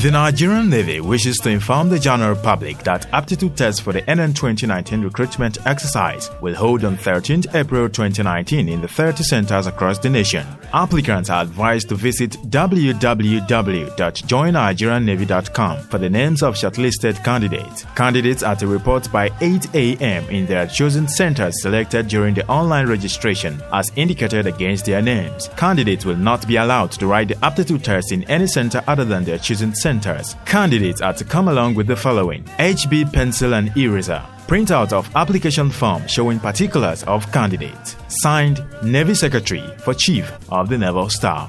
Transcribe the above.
The Nigerian Navy wishes to inform the general public that aptitude tests for the NN 2019 recruitment exercise will hold on 13 April 2019 in the 30 centers across the nation. Applicants are advised to visit www.joinnigeriannavy.com for the names of shortlisted candidates. Candidates are to report by 8 a.m. in their chosen centers selected during the online registration as indicated against their names. Candidates will not be allowed to write the aptitude test in any center other than their chosen center centers. Candidates are to come along with the following HB pencil and eraser. Printout of application form showing particulars of candidate. Signed, Navy Secretary for Chief of the Naval Staff.